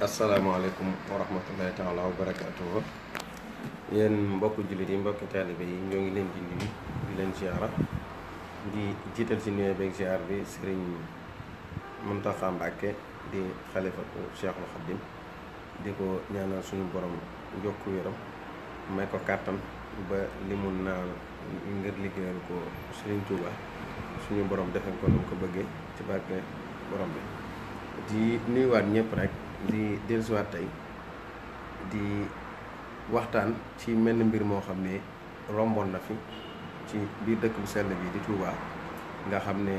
Assalamualaikum warahmatullahi wabarakatuh. taala wa barakaatuhu baku mbokku jullit yi mbokki taalibe yi ñoo ngi leen di nuyu ya, di leen ya, ya, ziara di jiital ci nuyoo beeg ziar bi di xalifatu Cheikhul Xaddim di ko ñaanal suñu borom jokku yaram may ko kàttan ba li mun ngir liggéeyal ko sëriñ Tuuba suñu borom defal ko nu ko bëggee ci barke borom bi di nuyuwaat ñëpp rek. di dellusiwaat tey di waxtaan ci menn mbir moo xam ne romboon na fi ci biir dëkk bu sell bi di Touba nga xam ne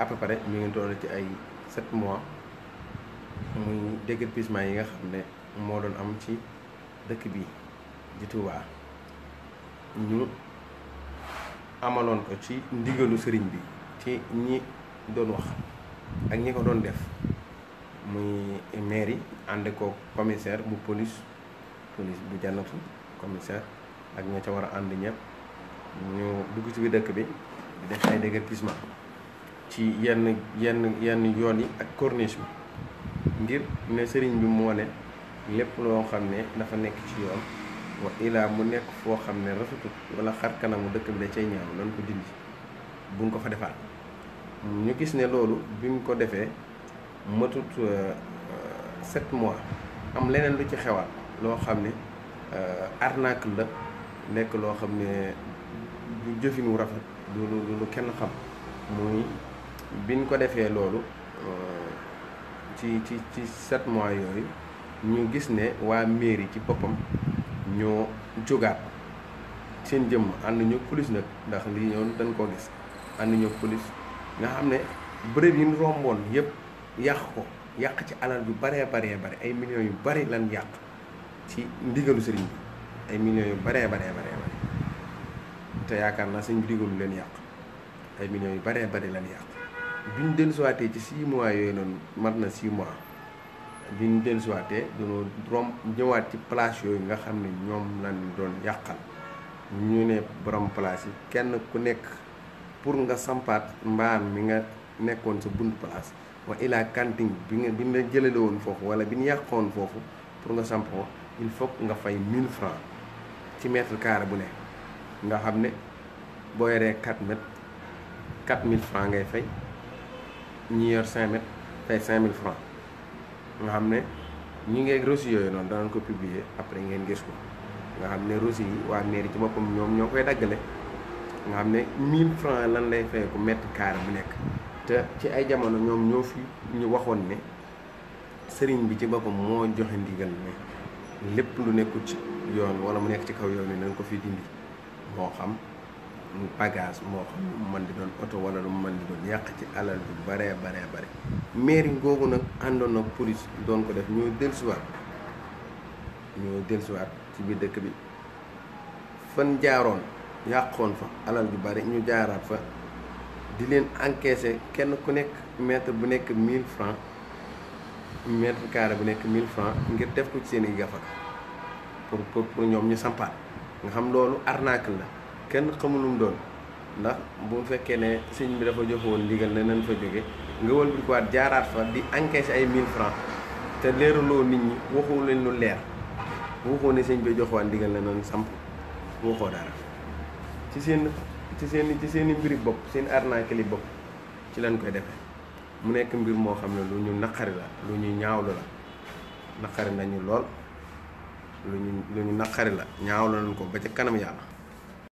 à peu près mi ngi doon ci ay sept mois muy déguerpissement yi nga xam ne moo doon am ci dëkk bi di Touba ñu amaloon ko ci ndigalu sëriñ bi ci ñi doon wax ak ñi ko doon def muy mairie ànd ko commissaire bu police police bu jànnatu commissaire ak ña ca war a ànd ñëpp ñu dugg ci biir dëkk bi di def ay déguerpissement ci yenn yenn yenn yoon yi ak corniche bi ngir ne sëriñ bi moo ne lépp loo xam ne dafa nekk ci yoon wa ila mu nekk foo xam ne rafetut wala xar kanamu dëkk bi da cay ñaaw loolu ko dindi ko fa defaat ñu gis ne loolu bi mu ko defee matut euh, euh, sept mois am leneen lu ci xewaat loo xam ne euh, arnaque la nekk loo xam ne du jëfinu rafet du lu lu kenn xam muy biñ ko defee loolu ci ci ci sept mois yooyu ñu gis ne waa mairie ci boppam ñoo jógaat seen jëmm ànd ñoo police nag ndax lii ñoom dañ koo gis ànd ñoo police nga xam ne bërëb yi ñu romboon yëpp yàq ko yàq ci alal yu baree baree bare ay millions yu bari lan yàq ci ndigalu sëriñ bi ay millions yu baree baree baree bare te yaakaar naa sëriñ bi digalu leen yàq ay millions yu baree bari lan yàq biñ dellusiwaatee ci 6 mois yooyu noonu mat na 6 mois biñ dellusiwaatee dañoo rom ñëwaat ci place yooyu nga xam ne ñoom lan doon yàqal ñu ne borom place yi kenn ku nekk pour nga sampaat mbaam mi nga nekkoon sa bunt place wa ilaa kantin bi nga bi nga jëlale woon foofu wala bi ñu yàqoon foofu pour nga samp ko il faut nga fay 1000 francs ci mètre carré bu ne nga xam ne boo yoree 4 mètres 4000 francs ngay fay ñi yor 5 mètres fay 5000 francs nga xam ne ñi ngay reçu yooyu noonu danañ ko publier après ngeen gis ko nga xam ne reçu yi waa mairie ci boppam ñoom ñoo koy daggale nga xam ne 1000 francs lan lay fay ku mètre carré bu nekk te ci ay jamono ñoom ñoo fi ñu waxoon ne sëriñ bi ci boppam moo joxe ndigal ne lépp lu nekkul ci yoon wala mu nekk ci kaw yoon yi nañ ko fi dindi moo xam mu bagage moo xam mu mën di doon oto wala lu mu mën di doon yàq ci alal bu baree baree bare mairie googu nag àndoon ak police doon ko def ñoo dellusiwaat ñoo dellusiwaat ci biir dëkk bi fan jaaroon yàqoon fa alal ju bari ñu jaaraat fa di leen encaissé kenn ku nekk mètre bu nekk 1000 francs mètre carré bu nekk 1000 francs ngir def ko ci seen i gafaka pour pour pour ñoom ñu sampaat nga xam loolu arnaque la kenn xamul lu doon ndax bu fekkee ne sëñ bi dafa jox woon ndigal ne nañ fa jóge nga wëlbatikuwaat jaaraat fa di encaissé ay 1000 francs te leeraloo nit ñi waxu leen lu leer waxoo ne sëñ bi jox waat ndigal ne nañ samp waxoo ci seen ci seen ci seen i mbiri bopp seen arnaque li bopp ci lañ koy defee mu nekk mbir moo xam ne lu ñu naqari la lu ñuy ñaawlu la naqari nañu lool lu ñu lu ñu naqari la ñaawlu nañ ko ba ca kanam yàlla